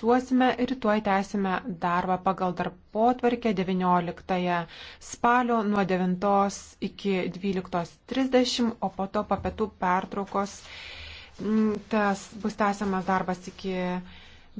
balsuosime, rytoj tęsime darbą pagal darbo tvarkę 19 spalio nuo 9 iki 12.30, o po to papietų pertraukos mm, tas bus tęsiamas darbas iki